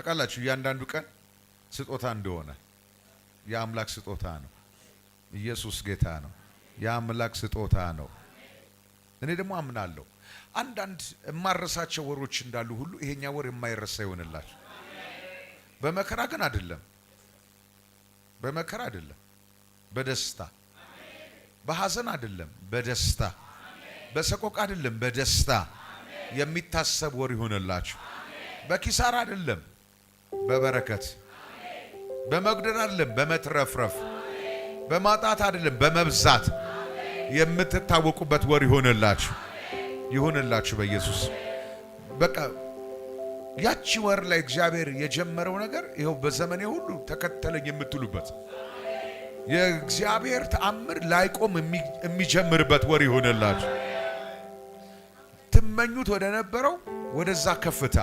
ታውቃላችሁ እያንዳንዱ ቀን ስጦታ እንደሆነ የአምላክ ስጦታ ነው። ኢየሱስ ጌታ ነው። የአምላክ ስጦታ ነው። እኔ ደግሞ አምናለሁ። አንዳንድ የማረሳቸው ወሮች እንዳሉ ሁሉ ይሄኛ ወር የማይረሳ ይሆንላችሁ። በመከራ ግን አይደለም፣ በመከራ አይደለም፣ በደስታ በሐዘን አይደለም፣ በደስታ በሰቆቃ አይደለም፣ በደስታ የሚታሰብ ወር ይሆንላችሁ። በኪሳራ አይደለም በበረከት በመጉደል አይደለም፣ በመትረፍረፍ በማጣት አይደለም፣ በመብዛት የምትታወቁበት ወር ይሆንላችሁ ይሆንላችሁ በኢየሱስ በቃ ያቺ ወር ላይ እግዚአብሔር የጀመረው ነገር ይኸው በዘመኔ ሁሉ ተከተለኝ የምትሉበት የእግዚአብሔር ተአምር ላይቆም የሚጀምርበት ወር ይሆንላችሁ። ትመኙት ወደ ነበረው ወደዛ ከፍታ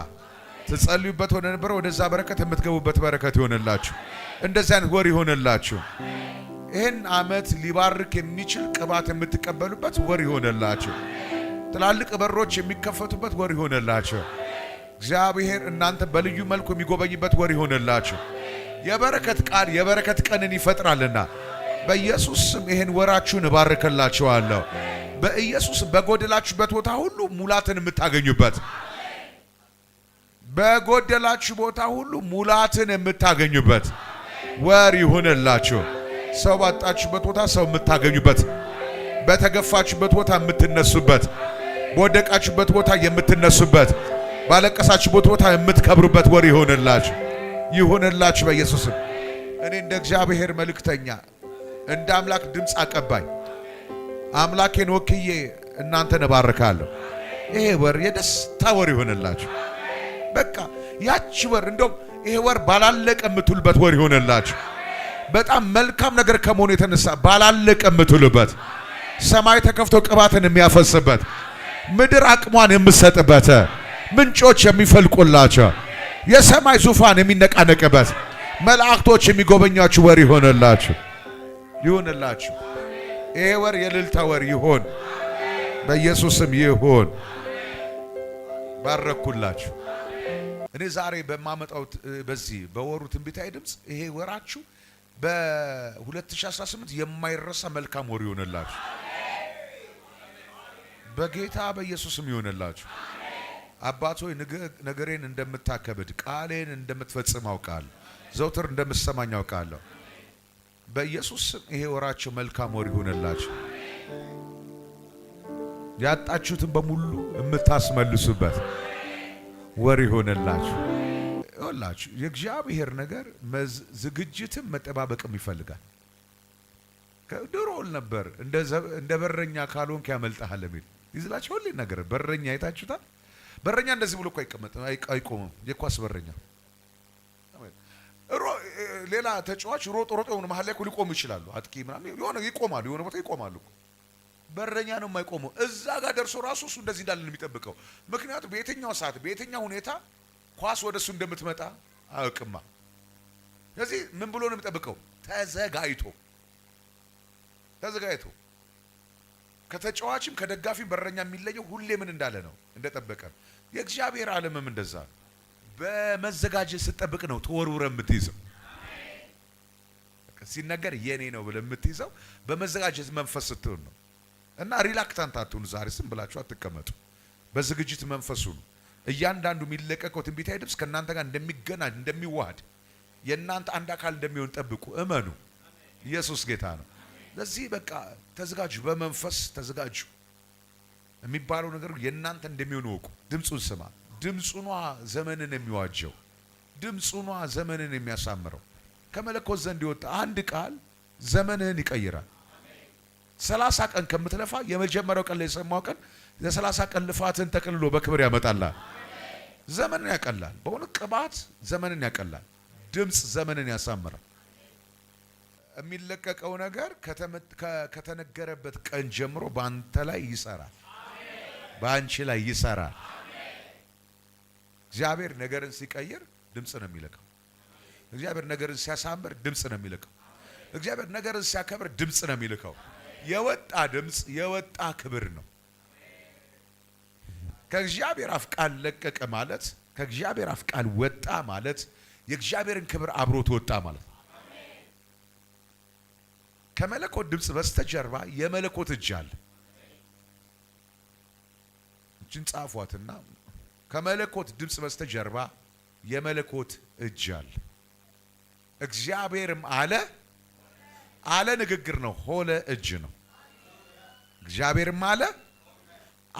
ትጸልዩበት ወደ ነበረ ወደዛ በረከት የምትገቡበት በረከት ይሆንላችሁ። እንደዚህ አይነት ወር ይሆንላችሁ። ይህን ዓመት ሊባርክ የሚችል ቅባት የምትቀበሉበት ወር ይሆንላችሁ። ትላልቅ በሮች የሚከፈቱበት ወር ይሆንላችሁ። እግዚአብሔር እናንተ በልዩ መልኩ የሚጎበኝበት ወር ይሆንላችሁ። የበረከት ቃል የበረከት ቀንን ይፈጥራልና በኢየሱስ ስም ይህን ወራችሁን እባርክላችኋለሁ። በኢየሱስ በጎደላችሁበት ቦታ ሁሉ ሙላትን የምታገኙበት በጎደላችሁ ቦታ ሁሉ ሙላትን የምታገኙበት ወር ይሁንላችሁ። ሰው ባጣችሁበት ቦታ ሰው የምታገኙበት፣ በተገፋችሁበት ቦታ የምትነሱበት፣ በወደቃችሁበት ቦታ የምትነሱበት፣ ባለቀሳችሁበት ቦታ የምትከብሩበት ወር ይሁንላችሁ ይሁንላችሁ በኢየሱስም። እኔ እንደ እግዚአብሔር መልእክተኛ እንደ አምላክ ድምፅ አቀባይ አምላኬን ወክዬ እናንተን እባርካለሁ። ይሄ ወር የደስታ ወር ይሁንላችሁ። በቃ ያቺ ወር እንደው ይሄ ወር ባላለቀ የምትውልበት ወር ይሆነላችሁ። በጣም መልካም ነገር ከመሆኑ የተነሳ ባላለቀ የምትውልበት ሰማይ ተከፍቶ ቅባትን የሚያፈስበት ምድር አቅሟን የምትሰጥበት ምንጮች የሚፈልቁላቸው የሰማይ ዙፋን የሚነቃነቅበት መላእክቶች የሚጎበኛችሁ ወር ይሆንላችሁ ይሁንላችሁ። ይሄ ወር የልልታ ወር ይሆን፣ በኢየሱስም ይሆን። ባረኩላችሁ። እኔ ዛሬ በማመጣው በዚህ በወሩ ትንቢታዊ ድምፅ ይሄ ወራችሁ በ2018 የማይረሳ መልካም ወር ይሆንላችሁ በጌታ በኢየሱስም ይሆንላችሁ አባት ሆይ ነገሬን እንደምታከብድ ቃሌን እንደምትፈጽም አውቃለሁ። ዘውትር እንደምትሰማኝ አውቃለሁ። በኢየሱስም ይሄ ወራችሁ መልካም ወር ይሆንላችሁ። ያጣችሁትን በሙሉ የምታስመልሱበት ወር ይሆንላችሁ። ይሆንላችሁ የእግዚአብሔር ነገር ዝግጅትም መጠባበቅም ይፈልጋል። ድሮ ል ነበር እንደ በረኛ ካልሆንክ ያመልጠሃል የሚል ይዝላቸው ሁሌ ነገር በረኛ አይታችሁታል። በረኛ እንደዚህ ብሎ እኮ አይቀመጥም አይቆምም። የኳስ በረኛ ሌላ ተጫዋች ሮጦ ሮጦ የሆነ መሀል ላይ ሊቆሙ ይችላሉ። አጥቂ ምናምን የሆነ ይቆማሉ፣ የሆነ ቦታ ይቆማሉ። በረኛ ነው የማይቆመው። እዛ ጋር ደርሶ ራሱ እሱ እንደዚህ እንዳለን የሚጠብቀው ምክንያቱም በየትኛው ሰዓት በየትኛው ሁኔታ ኳስ ወደ እሱ እንደምትመጣ አያውቅማ። ስለዚህ ምን ብሎ ነው የሚጠብቀው? ተዘጋጅቶ ተዘጋጅቶ ከተጫዋችም ከደጋፊም በረኛ የሚለየው ሁሌ ምን እንዳለ ነው እንደጠበቀ። የእግዚአብሔር ዓለምም እንደዛ በመዘጋጀት ስትጠብቅ ነው ተወርውረ የምትይዘው ሲነገር የኔ ነው ብለ የምትይዘው በመዘጋጀት መንፈስ ስትሆን ነው። እና ሪላክታንት አትሁኑ። ዛሬ ዝም ብላችሁ አትቀመጡ። በዝግጅት መንፈሱ ነው። እያንዳንዱ የሚለቀቀው ትንቢታዊ ድምፅ ከእናንተ ጋር እንደሚገናኝ እንደሚዋሃድ፣ የእናንተ አንድ አካል እንደሚሆን ጠብቁ፣ እመኑ። ኢየሱስ ጌታ ነው። ለዚህ በቃ ተዘጋጁ፣ በመንፈስ ተዘጋጁ። የሚባለው ነገር የእናንተ እንደሚሆን እወቁ። ድምፁን ስማ። ድምፁኗ ዘመንን የሚዋጀው ድምፁኗ ዘመንን የሚያሳምረው ከመለኮት ዘንድ የወጣ አንድ ቃል ዘመንህን ይቀይራል። ሰላሳ ቀን ከምትለፋ የመጀመሪያው ቀን ላይ የሰማው ቀን ለሰላሳ ቀን ልፋትን ተቀልሎ በክብር ያመጣላል። ዘመንን ያቀላል። በሆነ ቅባት ዘመንን ያቀላል። ድምፅ ዘመንን ያሳምራል። የሚለቀቀው ነገር ከተነገረበት ቀን ጀምሮ በአንተ ላይ ይሰራል፣ በአንቺ ላይ ይሰራል። እግዚአብሔር ነገርን ሲቀይር ድምፅ ነው የሚለቀው። እግዚአብሔር ነገርን ሲያሳምር ድምፅ ነው የሚለቀው። እግዚአብሔር ነገርን ሲያከብር ድምፅ ነው የሚልከው። የወጣ ድምፅ የወጣ ክብር ነው። ከእግዚአብሔር አፍ ቃል ለቀቀ ማለት ከእግዚአብሔር አፍ ቃል ወጣ ማለት የእግዚአብሔርን ክብር አብሮት ወጣ ማለት ነው። ከመለኮት ድምፅ በስተጀርባ የመለኮት እጅ አለ። እጅን ጻፏትና ከመለኮት ድምፅ በስተጀርባ የመለኮት እጅ አለ። እግዚአብሔርም አለ አለ ንግግር ነው። ሆለ እጅ ነው። እግዚአብሔርም አለ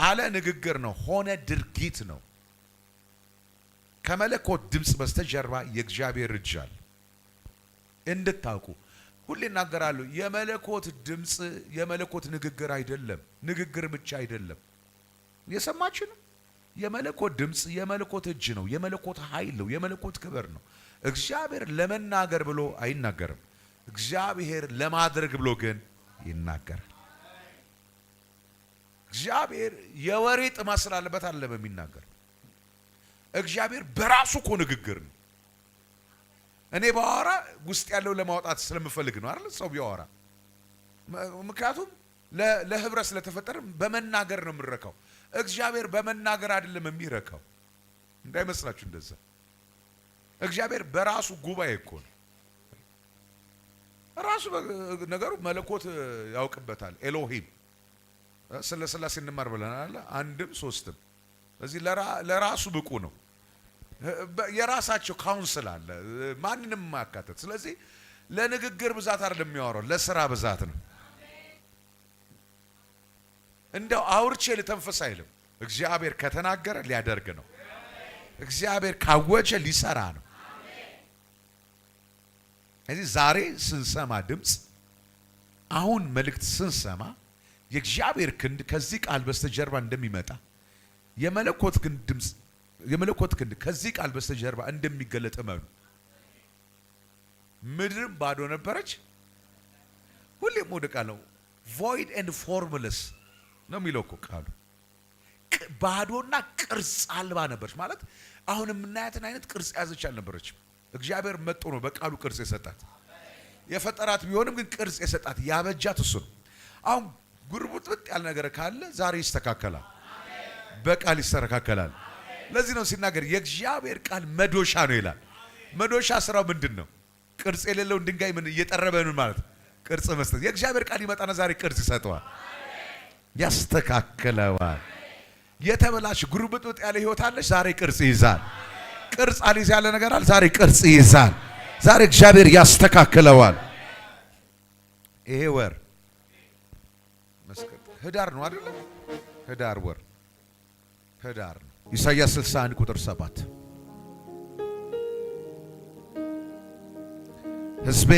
አለ ንግግር ነው፣ ሆነ ድርጊት ነው። ከመለኮት ድምፅ በስተጀርባ የእግዚአብሔር እጅ አለ። እንድታውቁ ሁሌ እናገራለሁ። የመለኮት ድምፅ የመለኮት ንግግር አይደለም፣ ንግግር ብቻ አይደለም። ነው። የመለኮት ድምፅ የመለኮት እጅ ነው፣ የመለኮት ኃይል ነው፣ የመለኮት ክብር ነው። እግዚአብሔር ለመናገር ብሎ አይናገርም። እግዚአብሔር ለማድረግ ብሎ ግን ይናገራል። እግዚአብሔር የወሬ ጥማት ስላለበት አለ በሚናገር እግዚአብሔር በራሱ እኮ ንግግር ነው። እኔ ባወራ ውስጥ ያለው ለማውጣት ስለምፈልግ ነው አይደል? ሰው ቢያወራ ምክንያቱም ለህብረት ስለተፈጠረ በመናገር ነው የምረካው እግዚአብሔር በመናገር አይደለም የሚረካው፣ እንዳይመስላችሁ እንደዛ። እግዚአብሔር በራሱ ጉባኤ እኮ ነው። ራሱ ነገሩ መለኮት ያውቅበታል ኤሎሂም ስለ ስላሴ እንማር ብለናል። አንድም ሶስትም እዚህ ለራሱ ብቁ ነው። የራሳቸው ካውንስል አለ፣ ማንንም የማያካተት ስለዚህ ለንግግር ብዛት አይደለም የሚያወራው፣ ለስራ ብዛት ነው። እንደው አውርቼ ልተንፈስ አይልም። እግዚአብሔር ከተናገረ ሊያደርግ ነው። እግዚአብሔር ካወጀ ሊሰራ ነው። እዚህ ዛሬ ስንሰማ ድምፅ፣ አሁን መልእክት ስንሰማ የእግዚአብሔር ክንድ ከዚህ ቃል በስተጀርባ እንደሚመጣ የመለኮት ክንድ ድምፅ የመለኮት ክንድ ከዚህ ቃል በስተጀርባ እንደሚገለጥ እመኑ። ምድርም ባዶ ነበረች፣ ሁሌም ወደ ቃል ነው ቮይድ ኤንድ ፎርምለስ ነው የሚለው እኮ ቃሉ። ባዶና ቅርጽ አልባ ነበረች ማለት አሁን የምናያትን አይነት ቅርጽ ያዘች አልነበረችም። እግዚአብሔር መጥቶ ነው በቃሉ ቅርጽ የሰጣት። የፈጠራት ቢሆንም ግን ቅርጽ የሰጣት ያበጃት እሱ ነው አሁን ጉርቡጥብጥ ያለ ነገር ካለ ዛሬ ይስተካከላል፣ በቃል ይስተካከላል። ለዚህ ነው ሲናገር የእግዚአብሔር ቃል መዶሻ ነው ይላል። መዶሻ ስራው ምንድን ነው? ቅርጽ የሌለውን ድንጋይ ምን እየጠረበ ምን ማለት ቅርጽ መስጠት። የእግዚአብሔር ቃል ይመጣና ዛሬ ቅርጽ ይሰጠዋል፣ ያስተካክለዋል። የተበላሽ ጉርብጥብጥ ያለ ህይወት አለች፣ ዛሬ ቅርጽ ይይዛል። ቅርጽ አልይዝ ያለ ነገር አለ፣ ዛሬ ቅርጽ ይይዛል። ዛሬ እግዚአብሔር ያስተካክለዋል። ይሄ ወር ህዳር ነው አይደለም? ህዳር ወር ህዳር ነው። ኢሳይያስ 61 ቁጥር 7 ህዝቤ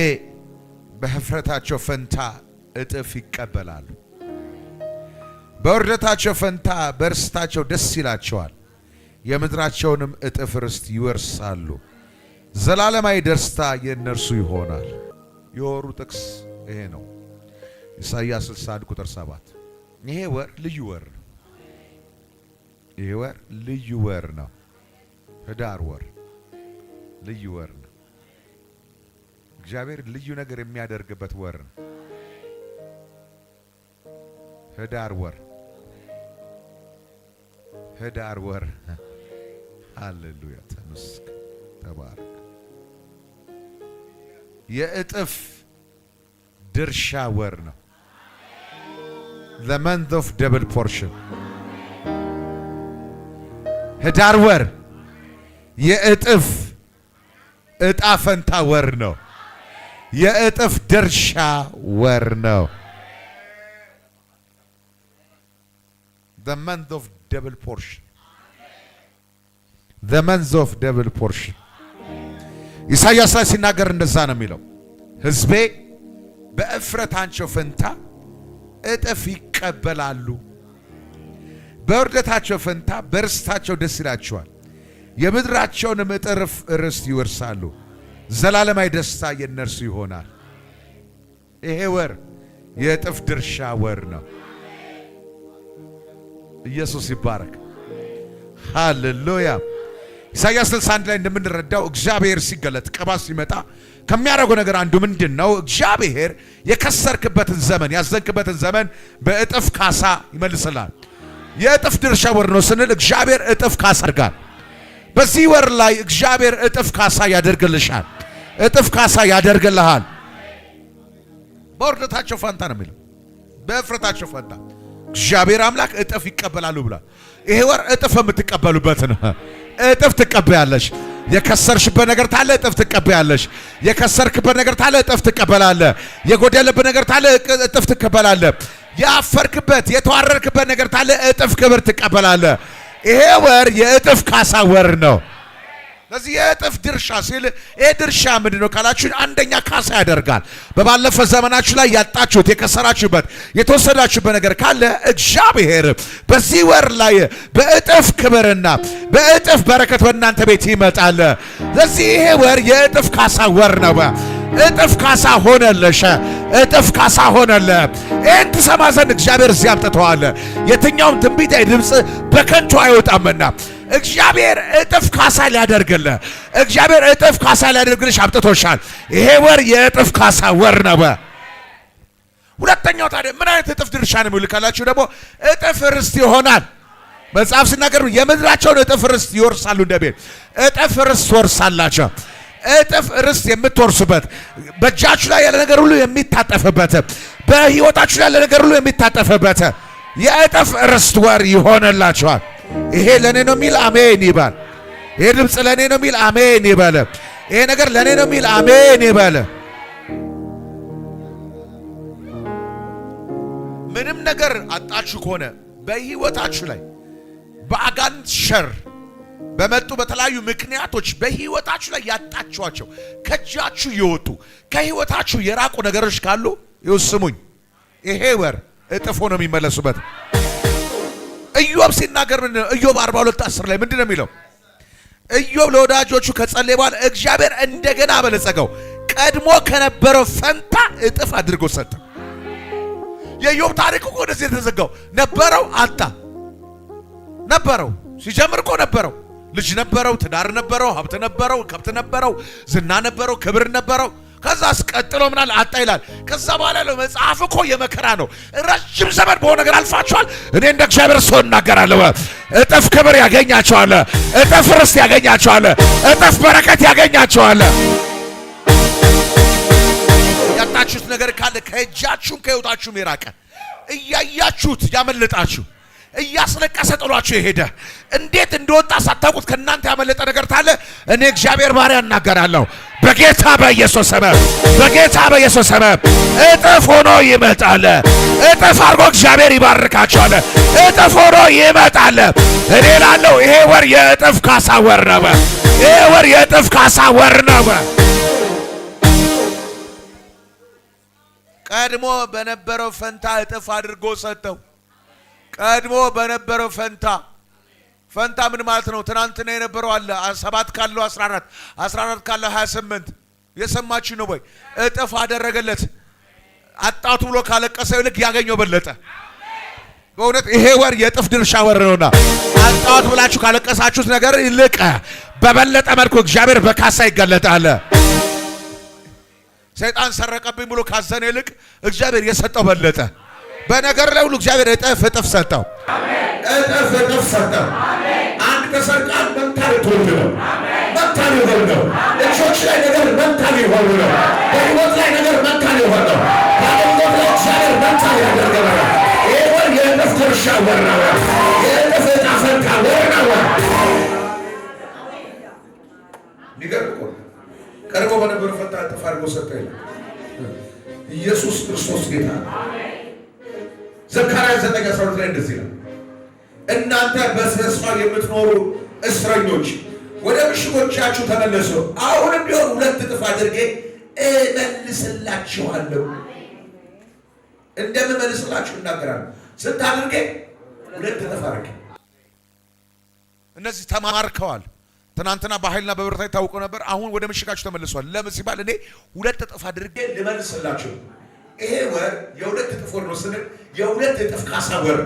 በህፍረታቸው ፈንታ እጥፍ ይቀበላሉ፣ በውርደታቸው ፈንታ በርስታቸው ደስ ይላቸዋል፣ የምድራቸውንም እጥፍ ርስት ይወርሳሉ። ዘላለማዊ ደስታ የእነርሱ ይሆናል። የወሩ ጥቅስ ይሄ ነው። ኢሳይያስ 61 ቁጥር 7 ይሄ ወር ልዩ ወር ነው። ይሄ ወር ልዩ ወር ነው። ህዳር ወር ልዩ ወር ነው። እግዚአብሔር ልዩ ነገር የሚያደርግበት ወር ነው። ህዳር ወር ህዳር ወር ሃሌሉያ ተመስክ ተባረክ። የእጥፍ ድርሻ ወር ነው። ዘ መንዝ ኦፍ ደብል ፖርሽን ህዳር ወር የእጥፍ እጣ ፈንታ ወር ነው። የእጥፍ ድርሻ ወር ነው። ዘ መንዝ ኦፍ ደብል ፖርሽን ዘ መንዝ ኦፍ ደብል ፖርሽን ኢሳያስ ላይ ሲናገር እንደዛ ነው የሚለው ህዝቤ በእፍረት ፈንታ እጥፍ ይቀበላሉ። በውርደታቸው ፈንታ በርስታቸው ደስ ይላቸዋል። የምድራቸውን እጥፍ ርስት ይወርሳሉ። ዘላለማዊ ደስታ የእነርሱ ይሆናል። ይሄ ወር የእጥፍ ድርሻ ወር ነው። ኢየሱስ ይባረክ። ሃሌሉያ ኢሳያስ 61 ላይ እንደምንረዳው እግዚአብሔር ሲገለጥ ቀባ ሲመጣ ከሚያደርገው ነገር አንዱ ምንድን ነው? እግዚአብሔር የከሰርክበትን ዘመን ያዘንክበትን ዘመን በእጥፍ ካሳ ይመልስላል። የእጥፍ ድርሻ ወር ነው ስንል እግዚአብሔር እጥፍ ካሳ ያደርጋል። በዚህ ወር ላይ እግዚአብሔር እጥፍ ካሳ ያደርግልሻል። እጥፍ ካሳ ያደርግልሃል። በውርደታቸው ፋንታ ነው የሚለው፣ በእፍረታቸው ፋንታ እግዚአብሔር አምላክ እጥፍ ይቀበላሉ ብሏል። ይሄ ወር እጥፍ የምትቀበሉበት ነው። እጥፍ ትቀበያለሽ። የከሰርሽበት ነገር ታለ እጥፍ ትቀበያለሽ። የከሰርክበት ነገር ታለ እጥፍ ትቀበላለ። የጎደለበት ነገር ታለ እጥፍ ትቀበላለ። ያፈርክበት የተዋረርክበት ነገር ታለ እጥፍ ክብር ትቀበላለ። ይሄ ወር የእጥፍ ካሳ ወር ነው። ለዚህ የእጥፍ ድርሻ ሲል ይሄ ድርሻ ምንድን ነው ካላችሁ፣ አንደኛ ካሳ ያደርጋል። በባለፈ ዘመናችሁ ላይ ያጣችሁት፣ የከሰራችሁበት፣ የተወሰዳችሁበት ነገር ካለ እግዚአብሔር በዚህ ወር ላይ በእጥፍ ክብርና በእጥፍ በረከት በእናንተ ቤት ይመጣል። ለዚህ ይሄ ወር የእጥፍ ካሳ ወር ነው። እጥፍ ካሳ ሆነለሽ፣ እጥፍ ካሳ ሆነለ። ይህን ትሰማ ዘንድ እግዚአብሔር እዚህ አምጥተዋል። የትኛውም ትንቢታዊ ድምፅ በከንቱ አይወጣምና እግዚአብሔር እጥፍ ካሳ ሊያደርግል እግዚአብሔር እጥፍ ካሳ ሊያደርግልሽ አብጥቶሻል። ይሄ ወር የእጥፍ ካሳ ወር ነው። ሁለተኛው ታዲያ ምን አይነት እጥፍ ድርሻ ነው የሚውል ካላችሁ ደግሞ እጥፍ ርስት ይሆናል። መጽሐፍ ሲናገር የምድራቸውን እጥፍ ርስት ይወርሳሉ። እንደ እጥፍ ርስት ትወርሳላቸው። እጥፍ ርስት የምትወርሱበት በእጃችሁ ላይ ያለ ነገር ሁሉ የሚታጠፍበት፣ በህይወታችሁ ላይ ያለ ነገር ሁሉ የሚታጠፍበት የእጥፍ ርስት ወር ይሆንላችኋል። ይሄ ለእኔ ነው የሚል አሜን ይሄ ድምፅ ለእኔ ነው የሚል አሜን ይሄ ነገር ለእኔ ነው የሚል አሜን ምንም ነገር አጣችሁ ከሆነ በሕይወታችሁ ላይ በአጋንንት ሸር በመጡ በተለያዩ ምክንያቶች በህይወታችሁ ላይ ያጣችኋቸው ከእጃችሁ የወጡ ከህይወታችሁ የራቁ ነገሮች ካሉ ይውስሙኝ። ይሄ ወር እጥፎ ነው የሚመለሱበት። ኢዮብ ሲናገር ምንድን ነው? ኢዮብ 42 10 ላይ ምንድነው ነው የሚለው? ኢዮብ ለወዳጆቹ ከጸለየ በኋላ እግዚአብሔር እንደገና አበለጸገው፣ ቀድሞ ከነበረው ፈንታ እጥፍ አድርጎ ሰጠ። የኢዮብ ታሪክ እኮ ወደዚህ የተዘጋው ነበረው፣ አጣ። ነበረው ሲጀምር እኮ ነበረው፣ ልጅ ነበረው፣ ትዳር ነበረው፣ ሀብት ነበረው፣ ከብት ነበረው፣ ዝና ነበረው፣ ክብር ነበረው ከዛ አስቀጥሎ ምናል አጣ ይላል። ከዛ በኋላ ያለው መጽሐፍ እኮ የመከራ ነው። ረጅም ዘመን በሆነ ነገር አልፋቸዋል። እኔ እንደ እግዚአብሔር ሰው እናገራለሁ። እጥፍ ክብር ያገኛቸዋል፣ እጥፍ ርስት ያገኛቸዋል፣ እጥፍ በረከት ያገኛቸዋል። ያጣችሁት ነገር ካለ ከእጃችሁም ከሕይወታችሁም የራቀ እያያችሁት ያመለጣችሁ እያስለቀሰ ጥሏቸው የሄደ እንዴት እንደወጣ ሳታውቁት ከእናንተ ያመለጠ ነገር ታለ። እኔ እግዚአብሔር ባሪያ እናገራለሁ። በጌታ በኢየሱስ ስም በጌታ በኢየሱስ ስም እጥፍ ሆኖ ይመጣል። እጥፍ አድርጎ እግዚአብሔር ይባርካቸዋል። እጥፍ ሆኖ ይመጣል። እኔ ላለው ይሄ ወር የእጥፍ ካሳ ወር ነው። ይሄ ወር የእጥፍ ካሳ ወር ነው። ቀድሞ በነበረው ፈንታ እጥፍ አድርጎ ሰጠው። ቀድሞ በነበረው ፈንታ ፈንታ ምን ማለት ነው? ትናንትና የነበረው አለ ሰባት ካለው 14 14 ካለው 28 የሰማችሁ ነው ወይ? እጥፍ አደረገለት። አጣቱ ብሎ ካለቀሰ ይልቅ ያገኘው በለጠ። በእውነት ይሄ ወር የእጥፍ ድርሻ ወር ነውና አጣቱ ብላችሁ ካለቀሳችሁት ነገር ይልቅ በበለጠ መልኩ እግዚአብሔር በካሳ ይገለጣል። ሰይጣን ሰረቀብኝ ብሎ ካዘነ ይልቅ እግዚአብሔር የሰጠው በለጠ። በነገር ላይ ሁሉ እግዚአብሔር እጥፍ እጥፍ ሰጠው። እጥፍ እጥፍ ሰጠው። አንድ ተሰርቃል መንታ ልትወልድ ነው። መንታ ሊሆን ነው። እጆች ላይ ነገር መንታ ሊሆን ነው። በሕይወት ላይ ነገር መንታ ሊሆን ነው። ባለሕይወት ላይ እግዚአብሔር መንታ ሊያደርገ ነው። ይህ ወር የእጥፍ ድርሻ ወር ነው። የተዘጋጀ ነገር ሰው ላይ እንደዚህ ነው። እናንተ በስነስፋው የምትኖሩ እስረኞች ወደ ምሽጎቻችሁ ተመለሱ። አሁን ቢሆን ሁለት እጥፍ አድርጌ እመልስላችኋለሁ። እንደምመልስላችሁ እናገራለሁ። ስንት አድርጌ? ሁለት እጥፍ አድርጌ። እነዚህ ተማርከዋል። ትናንትና በኃይልና በብርታት ታውቆ ነበር። አሁን ወደ ምሽጋችሁ ተመልሷል። ለምን ሲባል እኔ ሁለት እጥፍ አድርጌ ልመልስላችሁ ይሄ ወር የሁለት እጥፍ ወር ነው ስንል የሁለት እጥፍ ካሳ ወር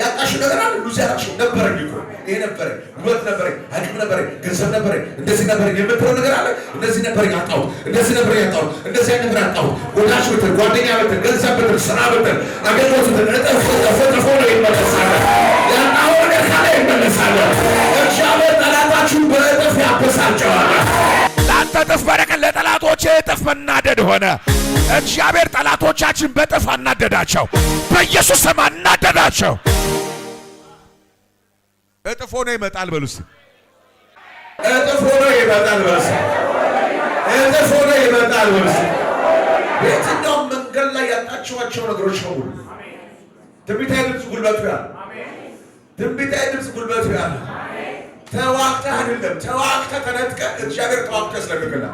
ያጣሽው ነገር አለ። ሉዝ ያደረግሽው ነበረኝ እኮ ይሄ ነበረኝ፣ ውበት ነበረኝ፣ አቅም ነበረኝ፣ ገንዘብ ነበረኝ፣ እንደዚህ ነበረኝ የምትለው ነገር አለ። እንደዚህ ነበረኝ አጣሁት፣ እንደዚህ ነበረኝ አጣሁት፣ እንደዚህ አይነት ነገር አጣሁት። ወዳጅ ብትል፣ ጓደኛ ብትል፣ ገንዘብ ብትል፣ ስራ ብትል፣ አገልግሎት ብትል፣ እጥፍ ተፈጥፎ ነው ይመለሳል። ያጣሁት ነገር ካለ ይመለሳል። እግዚአብሔር ጠላታችሁን በእጥፍ ያበሳጨዋል። ሶስት እጥፍ በረከት ለጠላቶቼ እጥፍ መናደድ ሆነ። እግዚአብሔር ጠላቶቻችን በእጥፍ አናደዳቸው፣ በኢየሱስ ስም አናደዳቸው። እጥፍ ሆኖ ይመጣል በሉስ። እጥፍ ሆኖ ይመጣል በሉስ። እጥፍ ሆኖ ይመጣል በሉስ። በየትኛውም መንገድ ላይ ያጣችኋቸው ነገሮች ሁሉ ትንቢታዊ ድምፅ ጉልበቱ ያለ ትንቢታዊ ድምፅ ጉልበቱ ያለ ተዋቅተህ አይደለም ተዋቅተህ ተነጥቀህ እግዚአብሔር ተዋቅተህ ስለሚገላ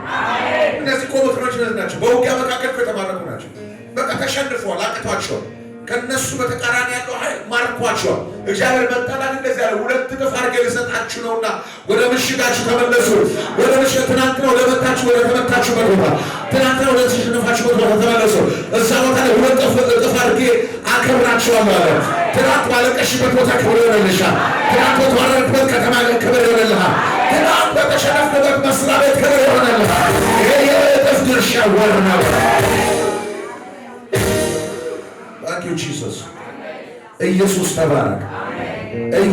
እነዚህ እኮ ምክሮች ናቸው። በውጊያ መካከል የተማረኩ ናቸው። በቃ ተሸንፈዋል፣ አቅቷቸዋል። ከእነሱ በተቃራኒ ያለው ኃይል ማርኳቸዋል። እግዚአብሔር መጣላት እንደዚህ ያለ ሁለት እጥፍ አድርጌ ልሰጣችሁ ነውና ወደ ምሽጋችሁ ተመለሱ። ወደ ምሽ ትናንትና ወደ መታችሁ ወደ ተመታችሁበት ቦታ ትናንትና ወደ ተሸነፋችሁበት ቦታ ተመለሱ። እዛ ቦታ ላይ ሁለት እጥፍ አድርጌ አከብራችኋል ማለት ትናንት ባለቀሽበት ቦታ ክብር ይሆንልሻል። ትናንት በተዋረድበት ከተማ ክብር ይሆንልሃል። ትናንት በተሸነፍንበት መስሪያ ቤት ክብር ይሆንልሃል። ይሄ የእጥፍ ድርሻ ወር ነው። ኢየሱስ ተባረክ፣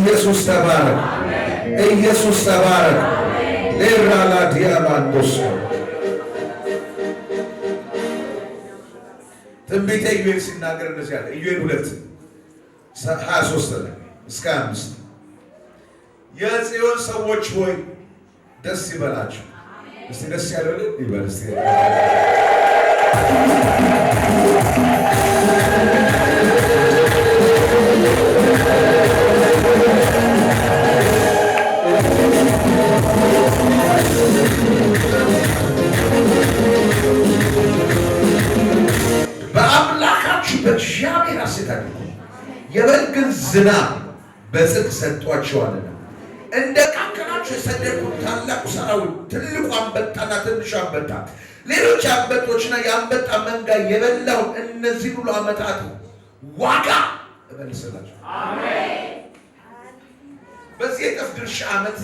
ኢየሱስ ተባረክ፣ ኢየሱስ ተባረክ። ሌራላ ዲያባንዶስ ትንቢተ ኢዩኤል ሲናገር እንደዚህ ያለ ኢዩኤል ሁለት 23 ላይ እስከ አምስት የጽዮን ሰዎች ሆይ ደስ ይበላችሁ። እስቲ ደስ ያለው ይበል እስቲ የበልግን ዝናብ በጽድቅ ሰጧቸዋልና እንደ ቃከናቸው የሰደድኩት ታላቁ ሰራዊት ትልቁ አንበጣና ትንሹ አንበጣ ሌሎች አንበጦችና የአንበጣ መንጋ የበላውን እነዚህ ሁሉ ዓመታት ዋጋ እመልስላቸው። በዚህ የጥፍ ድርሻ ዓመት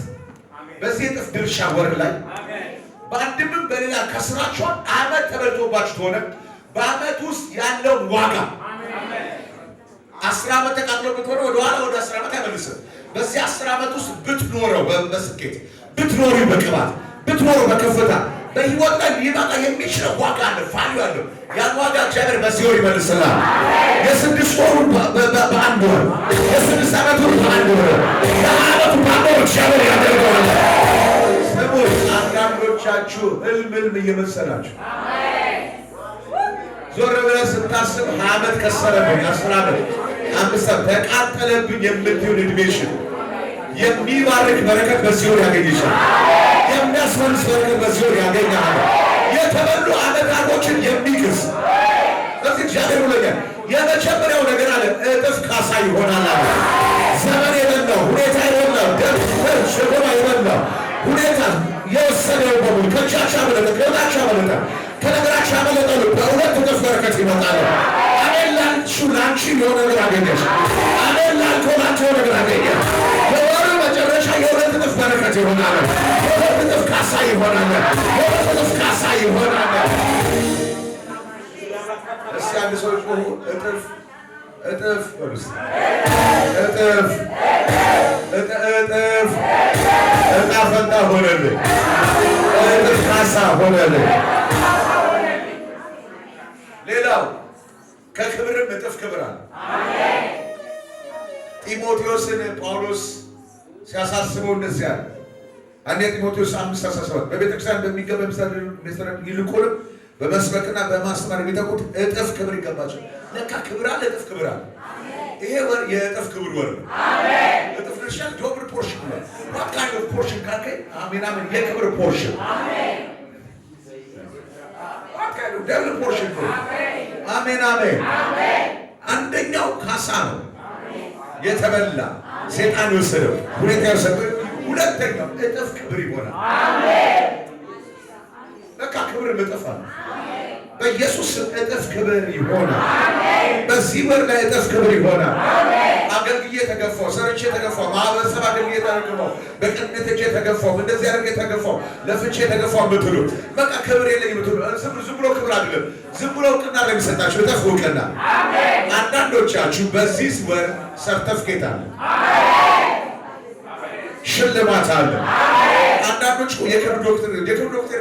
በዚህ የጥፍ ድርሻ ወር ላይ በአንድምም በሌላ ከስራቸውን ዓመት ተበልቶባችሁ ከሆነ በዓመት ውስጥ ያለውን ዋጋ አስር ዓመት ተቃጥሎ ብትሆነ ወደኋላ ወደ አስር ዓመት አይመልስም። በዚህ አስር ዓመት ውስጥ ብትኖረው በስኬት ብትኖሩ በቅባት ብትኖሩ በከፍታ በህይወት ላይ ሊመጣ የሚችለው ዋጋ አለ፣ ቫልዩ አለ። ያን ዋጋ እግዚአብሔር በዚህ ወር ይመልስላል። የስድስት ወሩ በአንድ ወር፣ የስድስት ዓመቱን በአንድ ወር፣ የዓመቱ በአንድ ወር እግዚአብሔር ያደርገዋል። ሰዎች አንዳንዶቻችሁ እልም እልም እየመሰላችሁ ዞር ብለህ ስታስብ ሀያ ዓመት ከሰረብኝ አስር ዓመት አንበሳ ተቃጠለብኝ የምትሆን እድሜሽን የሚባርክ በረከት በሲኦል ያገኝሻል። የሚያስመልስ በረከት በሲኦል ያገኛል። የተበሉ አመታቶችን የሚክስ እዚህ እግዚአብሔር ብሎኛል። የመጀመሪያው ነገር አለ እጥፍ ካሳ ይሆናል አለ። ዘመን የበላው ሁኔታ የበላው ደብተር ሽማ የበላው ሁኔታ የወሰደው በሙሉ ከእጃችሁ አመለጠ፣ ከወጣችሁ አመለጠ፣ ከነገራችሁ አመለጠ። በሁለት እጥፍ በረከት ይመጣል። ላንቺ ላንቺ የሆነ ነገር አገኘሽ። አሜን። ላንቺ ላንቺ የሆነ ነገር አገኘሽ። በወሩ መጨረሻ የሁለት እጥፍ በረከት ይሆናል። የሁለት እጥፍ ካሳ ይሆናል። የሁለት እጥፍ ካሳ ይሆናል። እስኪ አንድ ሰው ጮሁ። እጥፍ እጥፍ እጥፍ እጥፍ እጣ ፈንታ ሆነልኝ። እጥፍ ካሳ ሆነልኝ። ከክብር እጥፍ ክብር አለ። ጢሞቴዎስን ጳውሎስ ሲያሳስበው እንደዚህ አለ። አንደኛ ጢሞቴዎስ አምስት አሳስባት በቤተክርስቲያን በሚገባ ሚኒስትር ይልቁንም በመስበክና በማስተማር የሚጠቁት እጥፍ ክብር ይገባቸው። ለካ ክብር አለ፣ እጥፍ ክብር አለ። ይሄ ወር የእጥፍ ክብር ወር እጥፍ ድርሻ ዶብል ፖርሽን ነው። ፖርሽን ካልከኝ አሜን አሜን፣ የክብር ፖርሽን ደብል ፖርሽን ነው። አሜን አሜን። አንደኛው ካሳ ነው የተበላ ሴጣን የወሰደው ሁኔታ የወሰደው ሁለተኛው እጥፍ ክብር ይሆናል። በቃ ክብር መጠፋ በኢየሱስ እጥፍ ክብር ይሆናል። በዚህ ወር ላይ እጥፍ ክብር ይሆናል። አገልግዬ ተገፋው፣ ሰርቼ ተገፋው፣ ማህበረሰብ አገልግዬ ተገፋው፣ በቅንነቴ ተገፋው፣ እንደዚህ አድርጌ ተገፋው፣ ለፍቼ ተገፋው የምትሉ በቃ ክብር የለኝ የምትሉ ዝም ብሎ ክብር አይደለም፣ ዝም ብሎ እውቅና ነው የሚሰጣችሁ። እጥፍ እውቅና። አንዳንዶቻችሁ በዚህ ወር ሰርተፍኬት አለ፣ ሽልማት አለ። አንዳንዶች የክብር ዶክተር የክብር ዶክተር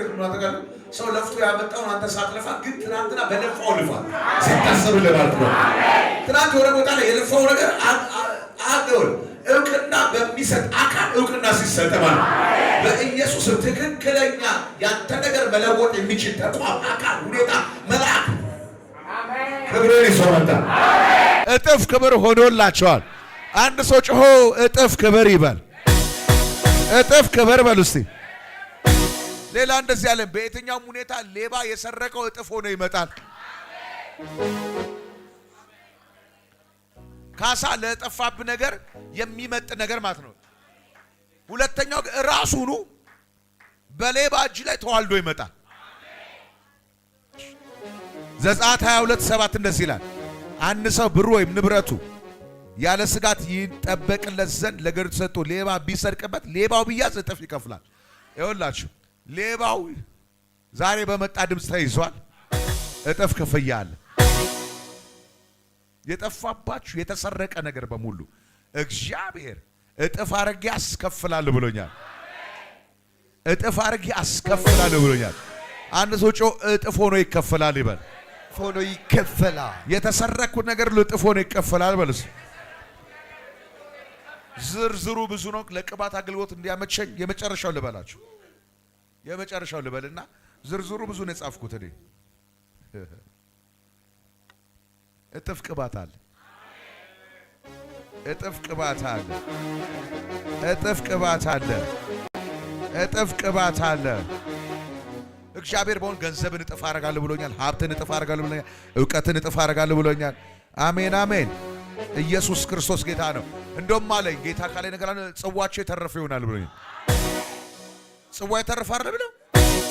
ሰው ለፍቶ ያመጣውን አንተ ሳትለፋ ግን ትናንትና በለፋው ልፋ ሲታሰብ ለማለት ነው። ትናንት የሆነ ቦታ ላይ የለፋው ነገር አገውል እውቅና በሚሰጥ አካል እውቅና ሲሰጥ ማለት በኢየሱስ ትክክለኛ ያንተ ነገር መለወጥ የሚችል ተቋም፣ አካል፣ ሁኔታ መልአክ ክብሬን ይሰመታ እጥፍ ክብር ሆኖላቸዋል። አንድ ሰው ጮሆ እጥፍ ክብር ይበል። እጥፍ ክብር በሉ እስቲ ሌላ እንደዚህ ያለ በየትኛውም ሁኔታ ሌባ የሰረቀው እጥፍ ሆኖ ይመጣል። ካሳ ለጠፋብ ነገር የሚመጥ ነገር ማለት ነው። ሁለተኛው ራሱኑ በሌባ እጅ ላይ ተዋልዶ ይመጣል። ዘጸአት 22 ሰባት እንደዚህ ይላል፣ አንድ ሰው ብሩ ወይም ንብረቱ ያለ ስጋት ይጠበቅለት ዘንድ ለገር ሰጥቶ ሌባ ቢሰርቅበት ሌባው ቢያዝ እጥፍ ይከፍላል። ይኸውላችሁ ሌባው ዛሬ በመጣ ድምፅ ተይዟል። እጥፍ ክፍያ አለ። የጠፋባችሁ የተሰረቀ ነገር በሙሉ እግዚአብሔር እጥፍ አርጌ አስከፍላለሁ ብሎኛል። እጥፍ አርጌ አስከፍላለሁ ብሎኛል። አንድ ሰው ጮ እጥፍ ሆኖ ይከፈላል ይበል። ሆኖ ይከፈላል። የተሰረኩት ነገር ሁሉ እጥፍ ሆኖ ይከፈላል በልስ። ዝርዝሩ ብዙ ነው። ለቅባት አገልግሎት እንዲያመቸኝ የመጨረሻው ልበላችሁ። የመጨረሻው ልበልና ዝርዝሩ ብዙ ነው የጻፍኩት እኔ። እጥፍ ቅባት አለ፣ እጥፍ ቅባት አለ፣ እጥፍ ቅባት አለ፣ እጥፍ ቅባት አለ። እግዚአብሔር በሆን ገንዘብን እጥፍ አደርጋለሁ ብሎኛል። ሀብትን እጥፍ አደርጋለሁ ብሎኛል። እውቀትን እጥፍ አደርጋለሁ ብሎኛል። አሜን አሜን። ኢየሱስ ክርስቶስ ጌታ ነው። እንደውም አለኝ ጌታ ካላይ ነገር ጽዋቸው የተረፈ ይሆናል ብሎኛል። ጽዋ የተርፍ አለ ብለው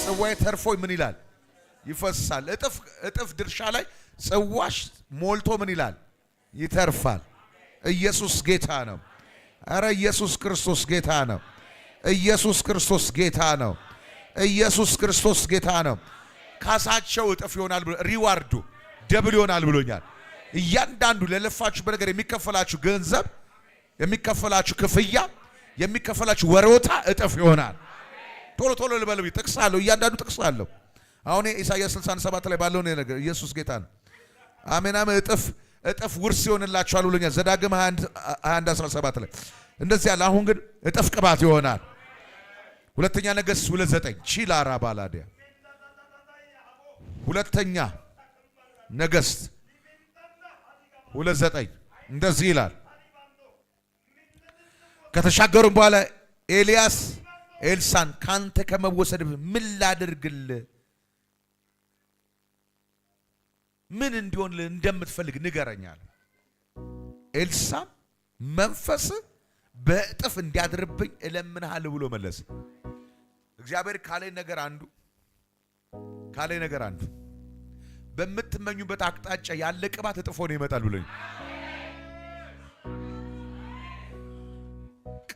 ጽዋ የተርፎ ምን ይላል? ይፈሳል። እጥፍ ድርሻ ላይ ጽዋሽ ሞልቶ ምን ይላል? ይተርፋል። ኢየሱስ ጌታ ነው። አረ ኢየሱስ ክርስቶስ ጌታ ነው። ኢየሱስ ክርስቶስ ጌታ ነው። ኢየሱስ ክርስቶስ ጌታ ነው። ካሳቸው እጥፍ ይሆናል ብሎ ሪዋርዱ ደብል ይሆናል ብሎኛል። እያንዳንዱ ለለፋችሁበት በነገር የሚከፈላችሁ ገንዘብ፣ የሚከፈላችሁ ክፍያ፣ የሚከፈላችሁ ወሮታ እጥፍ ይሆናል። ቶሎ ቶሎ ልበለው ጠቅሳለሁ፣ እያንዳንዱ ጠቅሳለሁ። አሁን ኢሳይያስ 67 ላይ ባለው ነገር ኢየሱስ ጌታ ነው። አሜን አሜን። እጥፍ እጥፍ ውርስ ይሆንላችኋል ብሎኛል። ዘዳግም 21 17 ላይ እንደዚህ ያለ። አሁን ግን እጥፍ ቅባት ይሆናል። ሁለተኛ ነገሥት 29 ቺላራ ባላዲያ ሁለተኛ ነገሥት 29 እንደዚህ ይላል ከተሻገሩም በኋላ ኤልያስ ኤልሳን ካንተ ከመወሰድ ምን ላድርግል? ምን እንዲሆን እንደምትፈልግ ንገረኛል። ኤልሳ መንፈስ በእጥፍ እንዲያድርብኝ እለምንሃል ብሎ መለስ። እግዚአብሔር ካለኝ ነገር አንዱ ካለኝ ነገር አንዱ በምትመኙበት አቅጣጫ ያለ ቅባት እጥፎ ነው ይመጣል ብሎኝ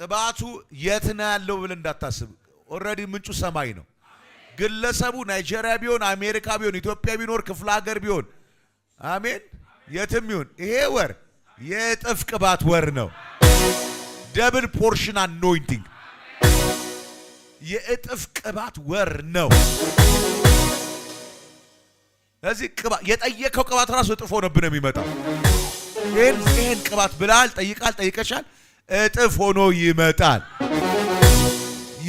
ቅባቱ የት ነው ያለው ብለን እንዳታስብ። ኦልሬዲ ምንጩ ሰማይ ነው። ግለሰቡ ናይጄሪያ ቢሆን፣ አሜሪካ ቢሆን፣ ኢትዮጵያ ቢኖር፣ ክፍለ ሀገር ቢሆን፣ አሜን፣ የትም ይሁን ይሄ ወር የእጥፍ ቅባት ወር ነው። ደብል ፖርሽን አኖይንቲንግ የእጥፍ ቅባት ወር ነው። ስለዚህ የጠየቀው ቅባት ራሱ እጥፍ ሆነብህ ነው የሚመጣው። ይህን ቅባት ብላል፣ ጠይቃል፣ ጠይቀሻል እጥፍ ሆኖ ይመጣል።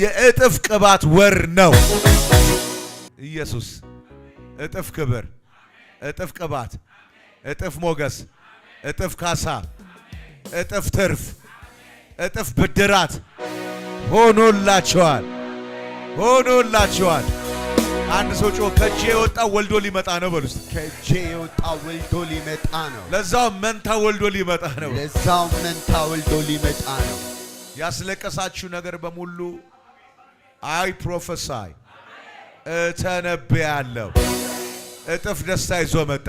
የእጥፍ ቅባት ወር ነው። ኢየሱስ እጥፍ ክብር፣ እጥፍ ቅባት፣ እጥፍ ሞገስ፣ እጥፍ ካሳ፣ እጥፍ ትርፍ፣ እጥፍ ብድራት ሆኖላችኋል ሆኖላችኋል። አንድ ሰው ጮ ከጄ የወጣ ወልዶ ሊመጣ ነው በሉስ። ከጄ የወጣ ወልዶ ሊመጣ ነው። ለዛው መንታ ወልዶ ሊመጣ ነው። ለዛው መንታ ወልዶ ሊመጣ ነው። ያስለቀሳችሁ ነገር በሙሉ አይ ፕሮፌሳይ እተነብያለሁ። እጥፍ ደስታ ይዞ መጣ።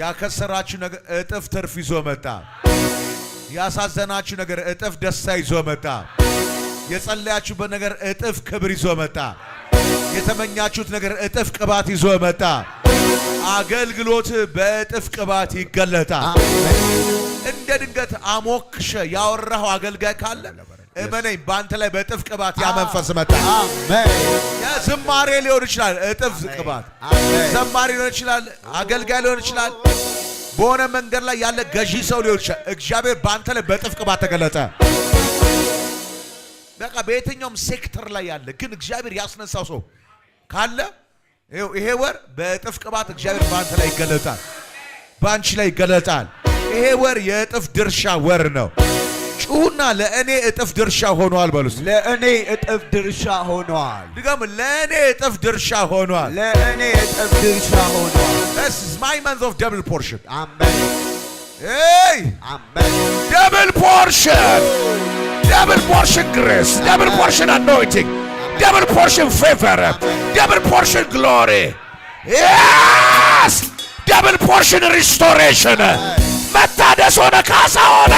ያከሰራችሁ ነገር እጥፍ ትርፍ ይዞ መጣ። ያሳዘናችሁ ነገር እጥፍ ደስታ ይዞ መጣ። የጸለያችሁበት ነገር እጥፍ ክብር ይዞ መጣ። የተመኛችሁት ነገር እጥፍ ቅባት ይዞ መጣ። አገልግሎት በእጥፍ ቅባት ይገለጣል። እንደ ድንገት አሞክሸ ያወራኸው አገልጋይ ካለ እመነኝ በአንተ ላይ በእጥፍ ቅባት ያመንፈስ መጣ። የዝማሬ ሊሆን ይችላል፣ እጥፍ ቅባት ዘማሪ ሊሆን ይችላል፣ አገልጋይ ሊሆን ይችላል፣ በሆነ መንገድ ላይ ያለ ገዢ ሰው ሊሆን ይችላል። እግዚአብሔር በአንተ ላይ በእጥፍ ቅባት ተገለጠ። በቃ በየትኛውም ሴክተር ላይ ያለ ግን እግዚአብሔር ያስነሳው ሰው ካለ ይሄ ወር በእጥፍ ቅባት እግዚአብሔር በአንተ ላይ ይገለጣል፣ በአንቺ ላይ ይገለጣል። ይሄ ወር የእጥፍ ድርሻ ወር ነው። ጩሁና ለእኔ እጥፍ ድርሻ ሆኗል በሉ። ለእኔ እጥፍ ድርሻ ሆኗል። ድገም። ለእኔ እጥፍ ድርሻ ሆኗል። ለእኔ እጥፍ ድርሻ ሆኗል። this is my month of double portion አሜን። hey አሜን። double portion double portion grace double portion anointing double portion favor, double portion glory, yes, double portion restoration. መታደስ ሆነ፣ ካሳ ሆነ።